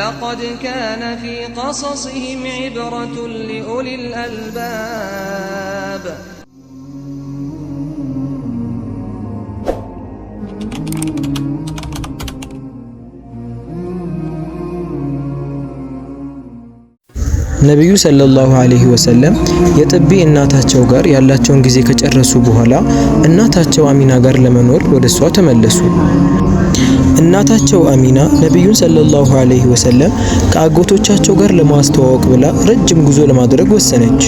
لقد كان في قصصهم عبرة لأولي الألباب ነቢዩ ሰለላሁ ዐለይሂ ወሰለም የጥቢ እናታቸው ጋር ያላቸውን ጊዜ ከጨረሱ በኋላ እናታቸው አሚና ጋር ለመኖር ወደ እሷ ተመለሱ። እናታቸው አሚና ነቢዩን ሰለላሁ ዐለይሂ ወሰለም ከአጎቶቻቸው ጋር ለማስተዋወቅ ብላ ረጅም ጉዞ ለማድረግ ወሰነች።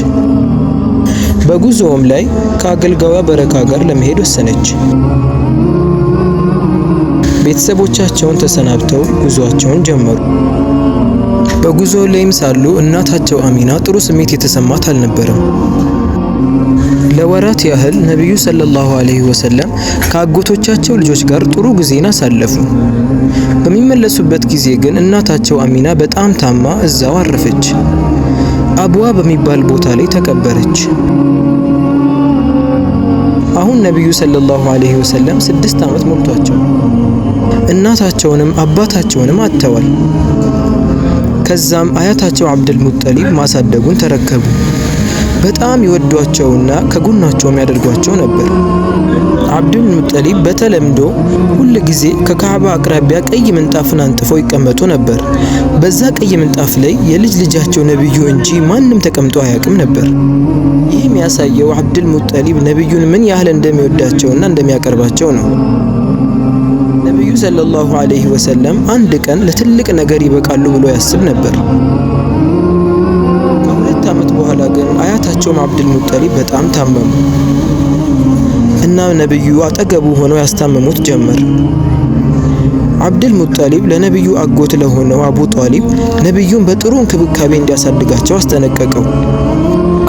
በጉዞውም ላይ ከአገልጋዋ በረካ ጋር ለመሄድ ወሰነች። ቤተሰቦቻቸውን ተሰናብተው ጉዞአቸውን ጀመሩ። በጉዞ ላይም ሳሉ እናታቸው አሚና ጥሩ ስሜት የተሰማት አልነበረም። ለወራት ያህል ነቢዩ ሰለላሁ ዐለይሂ ወሰለም ከአጎቶቻቸው ልጆች ጋር ጥሩ ጊዜን አሳለፉ። በሚመለሱበት ጊዜ ግን እናታቸው አሚና በጣም ታማ እዛው አረፈች። አብዋ በሚባል ቦታ ላይ ተቀበረች። አሁን ነቢዩ ሰለላሁ ዐለይሂ ወሰለም ስድስት ዓመት ሞልቷቸው እናታቸውንም አባታቸውንም አጥተዋል። ከዛም አያታቸው አብዱል ሙጠሊብ ማሳደጉን ተረከቡ። በጣም ይወዷቸውና ከጎናቸውም ያደርጓቸው ነበር። አብዱል ሙጠሊብ በተለምዶ ሁል ጊዜ ከካዕባ አቅራቢያ ቀይ ምንጣፍን አንጥፈው ይቀመጡ ነበር። በዛ ቀይ ምንጣፍ ላይ የልጅ ልጃቸው ነብዩ እንጂ ማንም ተቀምጦ አያውቅም ነበር። ይህም ያሳየው አብዱል ሙጠሊብ ነብዩን ምን ያህል እንደሚወዳቸውና እንደሚያቀርባቸው ነው። ነብዩ ሰለላሁ ዐለይሂ ወሰለም አንድ ቀን ለትልቅ ነገር ይበቃሉ ብሎ ያስብ ነበር። በኋላ ግን አያታቸውም አብድል ሙጠሊብ በጣም ታመሙ እና ነብዩ አጠገቡ ሆነው ያስታመሙት ጀመር። አብድል ሙጠሊብ ለነብዩ አጎት ለሆነው አቡ ጣሊብ ነብዩን በጥሩ እንክብካቤ እንዲያሳድጋቸው አስጠነቀቀው።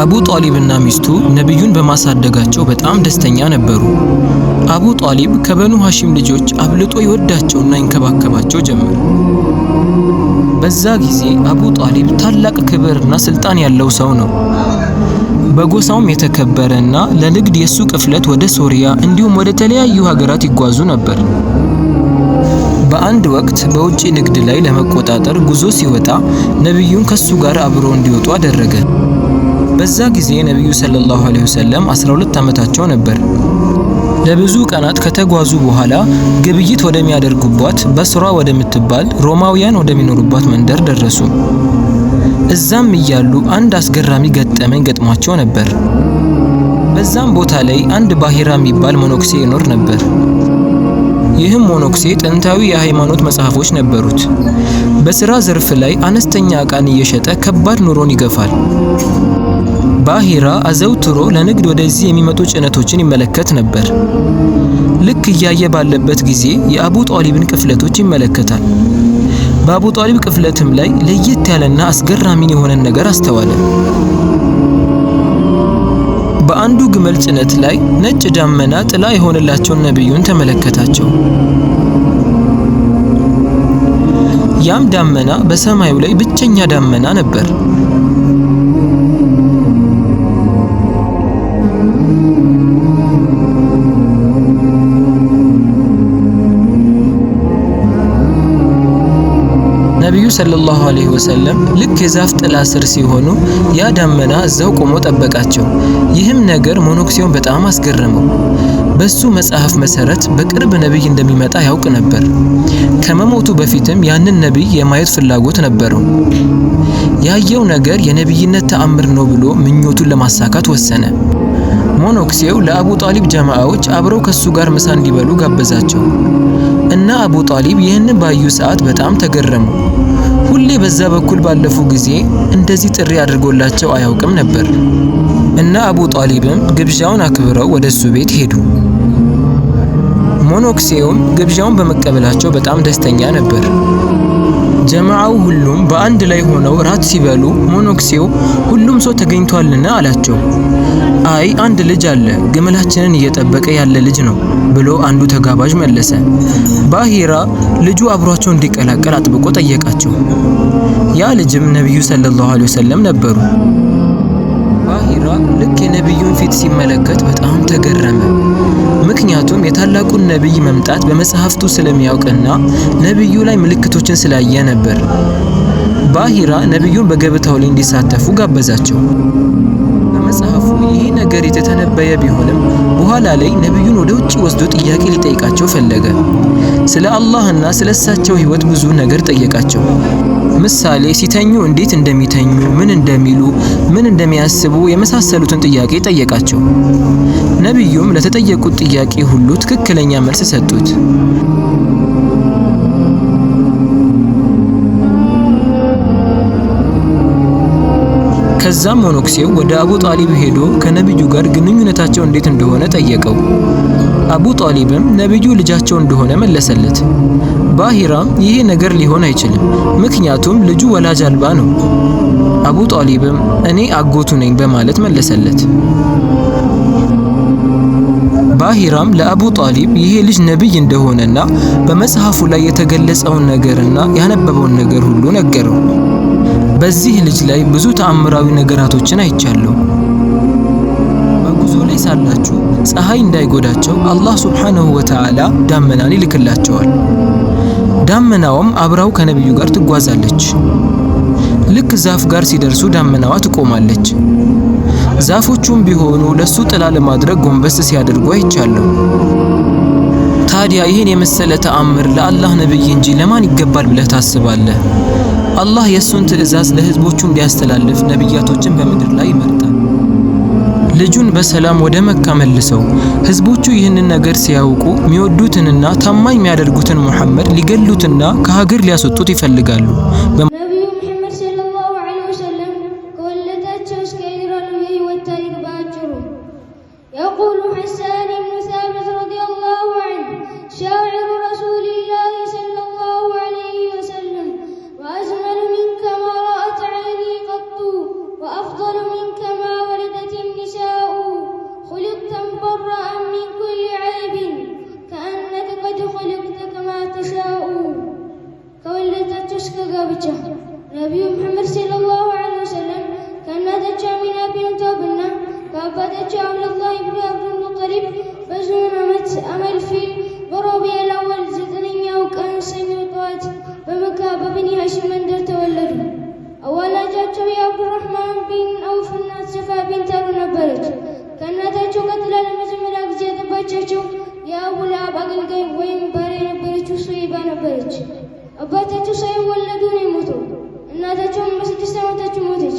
አቡ ጣሊብ እና ሚስቱ ነብዩን በማሳደጋቸው በጣም ደስተኛ ነበሩ። አቡ ጣሊብ ከበኑ ሐሺም ልጆች አብልጦ ይወዳቸውና ይንከባከባቸው ጀመር። በዛ ጊዜ አቡ ጣሊብ ታላቅ ክብርና ስልጣን ያለው ሰው ነው። በጎሳውም የተከበረና ለንግድ የሱ ቅፍለት ወደ ሶሪያ እንዲሁም ወደ ተለያዩ ሀገራት ይጓዙ ነበር። በአንድ ወቅት በውጭ ንግድ ላይ ለመቆጣጠር ጉዞ ሲወጣ ነቢዩን ከሱ ጋር አብሮ እንዲወጡ አደረገ። በዛ ጊዜ ነቢዩ ሰለላሁ ዐለይሂ ወሰለም 12 ዓመታቸው ነበር። ለብዙ ቀናት ከተጓዙ በኋላ ግብይት ወደሚያደርጉባት በስራ ወደምትባል ሮማውያን ወደሚኖሩባት መንደር ደረሱ። እዛም እያሉ አንድ አስገራሚ ገጠመኝ ገጥሟቸው ነበር። በዛም ቦታ ላይ አንድ ባሂራ የሚባል ሞኖክሴ ይኖር ነበር። ይህም ሞኖክሴ ጥንታዊ የሃይማኖት መጽሐፎች ነበሩት። በስራ ዘርፍ ላይ አነስተኛ ዕቃን እየሸጠ ከባድ ኑሮን ይገፋል። ባሂራ አዘውትሮ ለንግድ ወደዚህ የሚመጡ ጭነቶችን ይመለከት ነበር። ልክ እያየ ባለበት ጊዜ የአቡ ጧሊብን ቅፍለቶች ይመለከታል። በአቡ ጧሊብ ቅፍለትም ላይ ለየት ያለና አስገራሚን የሆነን ነገር አስተዋለ። በአንዱ ግመል ጭነት ላይ ነጭ ደመና ጥላ የሆነላቸውን ነቢዩን ተመለከታቸው። ያም ደመና በሰማዩ ላይ ብቸኛ ደመና ነበር። ነቢዩ ሰለላሁ ዐለይሂ ወሰለም ልክ የዛፍ ጥላ ስር ሲሆኑ ያ ደመና እዛው ቆሞ ጠበቃቸው። ይህም ነገር ሞኖክሲዮን በጣም አስገረመው። በሱ መጽሐፍ መሰረት በቅርብ ነቢይ እንደሚመጣ ያውቅ ነበር። ከመሞቱ በፊትም ያንን ነቢይ የማየት ፍላጎት ነበረው። ያየው ነገር የነቢይነት ተአምር ነው ብሎ ምኞቱን ለማሳካት ወሰነ። ሞኖክሴው ለአቡ ጣሊብ ጀማዓዎች አብረው ከሱ ጋር ምሳ እንዲበሉ ጋበዛቸው እና አቡ ጣሊብ ይህን ባዩ ሰዓት በጣም ተገረሙ። ሁሌ በዛ በኩል ባለፉ ጊዜ እንደዚህ ጥሪ አድርጎላቸው አያውቅም ነበር እና አቡ ጣሊብም ግብዣውን አክብረው ወደ እሱ ቤት ሄዱ። ሞኖክሴውም ግብዣውን በመቀበላቸው በጣም ደስተኛ ነበር። ጀማዓው ሁሉም በአንድ ላይ ሆነው ራት ሲበሉ ሞኖክሴው ሁሉም ሰው ተገኝቷልና አላቸው። አይ አንድ ልጅ አለ ግመላችንን እየጠበቀ ያለ ልጅ ነው ብሎ አንዱ ተጋባዥ መለሰ። ባሂራ ልጁ አብሯቸው እንዲቀላቀል አጥብቆ ጠየቃቸው። ያ ልጅም ነቢዩ ሰለላሁ ዐለይሂ ወሰለም ነበሩ። ባሂራ ልክ የነቢዩን ፊት ሲመለከት በጣም ተገረመ። ምክንያቱም የታላቁን ነቢይ መምጣት በመጽሐፍቱ ስለሚያውቅና ነቢዩ ላይ ምልክቶችን ስላየ ነበር። ባሂራ ነቢዩን በገበታው ላይ እንዲሳተፉ ጋበዛቸው። በመጽሐፉ ይህ ነገር የተተነበየ ቢሆንም በኋላ ላይ ነቢዩን ወደ ውጭ ወስዶ ጥያቄ ሊጠይቃቸው ፈለገ። ስለ አላህና ስለ እሳቸው ሕይወት ብዙ ነገር ጠየቃቸው። ምሳሌ ሲተኙ እንዴት እንደሚተኙ፣ ምን እንደሚሉ፣ ምን እንደሚያስቡ የመሳሰሉትን ጥያቄ ጠየቃቸው። ነቢዩም ለተጠየቁት ጥያቄ ሁሉ ትክክለኛ መልስ ሰጡት። ከዛም ሞኖክሴው ወደ አቡ ጣሊብ ሄዶ ከነቢዩ ጋር ግንኙነታቸው እንዴት እንደሆነ ጠየቀው። አቡ ጣሊብም ነቢዩ ልጃቸው እንደሆነ መለሰለት። ባሂራም ይሄ ነገር ሊሆን አይችልም፣ ምክንያቱም ልጁ ወላጅ አልባ ነው። አቡ ጣሊብም እኔ አጎቱ ነኝ በማለት መለሰለት። ባሂራም ለአቡ ጣሊብ ይሄ ልጅ ነቢይ እንደሆነና በመጽሐፉ ላይ የተገለጸውን ነገርና ያነበበውን ነገር ሁሉ ነገረው። በዚህ ልጅ ላይ ብዙ ተአምራዊ ነገራቶችን አይቻለሁ። በጉዞ ላይ ሳላችሁ ፀሐይ እንዳይጎዳቸው አላህ ሱብሓነሁ ወተዓላ ዳመናን ይልክላቸዋል። ዳመናውም አብራው ከነቢዩ ጋር ትጓዛለች። ልክ ዛፍ ጋር ሲደርሱ ዳመናዋ ትቆማለች። ዛፎቹም ቢሆኑ ለሱ ጥላ ለማድረግ ጎንበስ ሲያደርጉ አይቻለሁ። ታዲያ ይህን የመሰለ ተአምር ለአላህ ነብይ እንጂ ለማን ይገባል ብለህ ታስባለህ? አላህ የእሱን ትዕዛዝ ለህዝቦቹ እንዲያስተላልፍ ነቢያቶችን በምድር ላይ ይመርጣል። ልጁን በሰላም ወደ መካ መልሰው። ህዝቦቹ ይህንን ነገር ሲያውቁ የሚወዱትንና ታማኝ የሚያደርጉትን ሙሐመድ ሊገሉትና ከሀገር ሊያስወጡት ይፈልጋሉ። ነቢዩ እናታቸው እስከ ጋብቻ ነቢዩ ሙሐመድ ሰለላሁ ዐለይሂ ወሰለም ከእናታቸው አሚና ቢንት ወሃብና ከአባታቸው አብዱላህ ኢብኑ አብዱል ሙጠሊብ ዓመት አመል ፊል በሮቢዑል አወል ዘጠነኛው ቀን ሰኞ ጠዋት በመካ በበኒ ሐሺም መንደር ተወለዱ። አዋላጃቸው የአብዱራህማን ቢን አውፍ እናት ሰፋ ቢንት አሉ ነበረች። ከእናታቸው ቀጥላ ለመጀመሪያ ጊዜ ያጠባቻቸው የአቡ ለሃብ አገልጋይ ወይም ባሪያ የነበረችው ሱይባ ነበረች። አባታቸው ሳይወለዱ ነው የሞተው። እናታቸውም በስድስት ዓመታቸው ሞተች።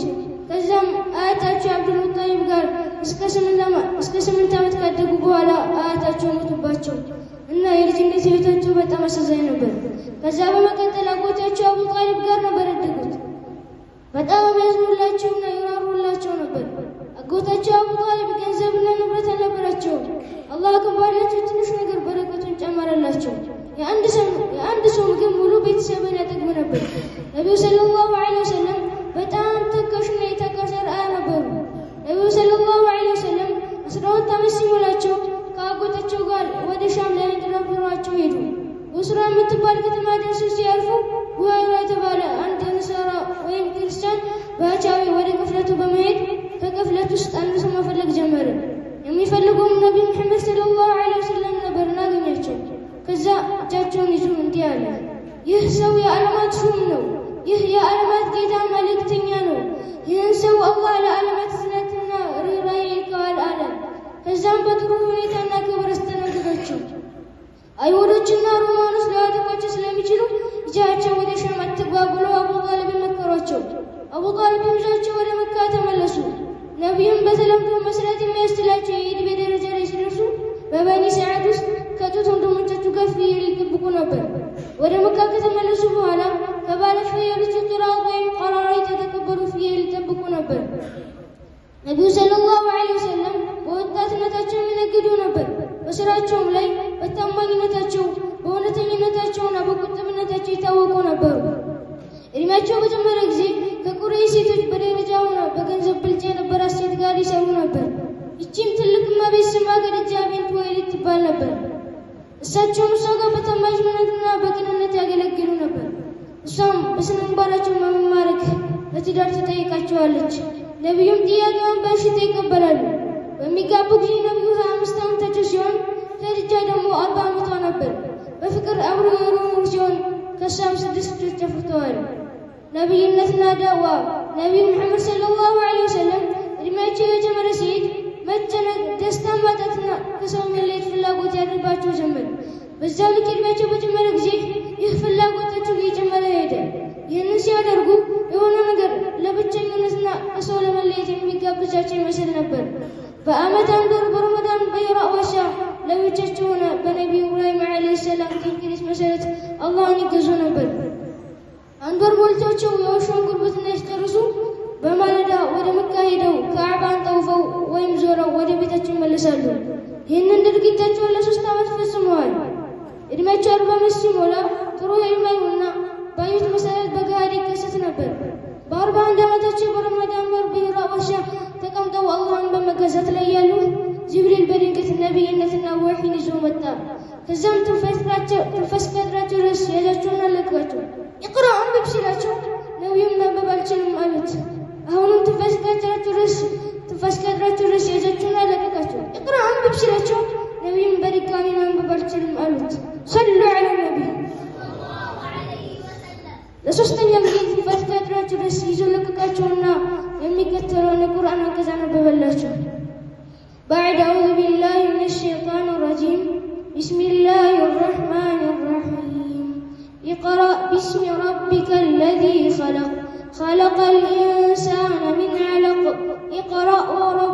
ከዚያም አያታቸው የአብዱል ሙጣሊብ ጋር እስከ ስምንት ዓመት ካደጉ በኋላ አያታቸው ሞቱባቸው እና የልጅነት ሕይወታቸው በጣም አሳዛኝ ነበር። ከዚያ በመቀጠል አጎታቸው አቡጣሊብ ጋር ነበር ያደጉት። በጣም የሚያዝኑላቸው ከዛ እጃቸውን ይዞ እንዲህ አለ፣ ይህ ሰው የዓለማት ሹም ነው። ይህ የዓለማት ጌታ መልእክተኛ ነው። ይህን ሰው አላህ ለዓለማት እዝነትና ርኅራኄ ይልከዋል አለ። ከዛም በጥሩ ሁኔታና ክብር አስተናገዳቸው። አይሁዶችና ሮማኖች ሊያጠቋቸው ስለሚችሉ ይዛቸው ወደ ሻም አትግባ ብለው አቡ ጣልብን መከሯቸው። አቡ ጣልብን ወደ መካ ተመለሱ። ነቢዩም በተለምዶ መስራት የሚያስችላቸው የዕድሜ ደረጃ ላይ ሲደርሱ በበኒሳ ከተመለሱ በኋላ ከባለ ፍየሎች ጅራት ወይም ቀራሪ የተተቀበሉ ፍየል ይጠብቁ ነበር። ነቢዩ ሰለላሁ ዐለይሂ ወሰለም በወጣትነታቸው ይነግዱ ነበር። በስራቸውም ላይ በታማኝነታቸው፣ በእውነተኝነታቸውና በቁጥብነታቸው ይታወቁ ነበሩ። እድሜያቸው በጨመረ ጊዜ ከቁረይሽ ሴቶች በደረጃውና በገንዘብ ብልጫ የነበራት ሴት ጋር ይሰሩ ነበር። ይቺም ትልቅ እመቤት ስሟ ኸዲጃ ቢንት ኹወይሊድ ትባል ነበር። እሳቸውም እሷ ጋር በታማኝነትና በቅንነት ያገለግሉ ነበር። እሷም በስነ ምግባራቸው መማረክ ለትዳር ትጠይቃቸዋለች። ነቢዩም ጥያቄውን በእሽታ ይቀበላሉ። በሚጋቡ ጊዜ ነቢዩ ሀያ አምስት ዓመታቸው ሲሆን ከድጃ ደግሞ አርባ ዓመቷ ነበር። በፍቅር አብሮ የኖሩ ሲሆን ከእሷም ስድስት ልጆች ተፈተዋል። ነቢይነትና ዳዋ ነቢዩ ሙሐመድ ሰለላሁ ዐለይሂ ወሰለም እድሜያቸው የጀመረ ሲሄድ መጨነቅ፣ ደስታ ማጣትና ከሰው መለየት ፍላጎት ያድርባቸው ጀመር። በዛ ልክ ዕድሜያቸው በጨመረ ጊዜ ይህ ፍላጎታቸው እየጨመረ ሄደ። ይህንን ሲያደርጉ የሆነ ነገር ለብቸኝነትና ከሰው ለመለየት የሚጋብዛቸው ይመስል ነበር። በአመት አንድ ወር በረመዳን በሂራ ዋሻ ለብቻቸው ሆነ በነቢዩ ኢብራሂም ዓለይሂ ሰላም ትንክሪት መሰረት አላህን ይገዙ ነበር። አንድ ወር ሞልቷቸው የውሻውን ጉርብትና ሲጨርሱ በማለዳ ወደ መካ ሄደው ከዕባን ጠውፈው ወይም ዞረው ወደ ቤታቸው ይመለሳሉ። ይህንን ድርጊታቸውን ለሶስት ዓመት ፈጽመዋል። ዕድሜያቸው አርባ አምስት ሲሞላ ጥሩ የልማዩና ባዩት መሰረት በገሃድ ይከሰት ነበር። በአርባ አንድ ዓመታቸው በረመዳን ወር በሂራ ዋሻ ተቀምጠው አላህን በመገዛት ላይ ያሉ ጅብሪል በድንገት ነቢይነትና ወሒን ይዞ መጣ። ከዛም ትንፈስ ፈጥራቸው ድረስ ያዛቸውን አለቃቸው። ይቅራ አንብብ ሲላቸው ነቢዩም ማንበብ አልችልም አሉት። አሁንም ትንሽ ገጀ خلق الإنسان من علق اقرأ ورق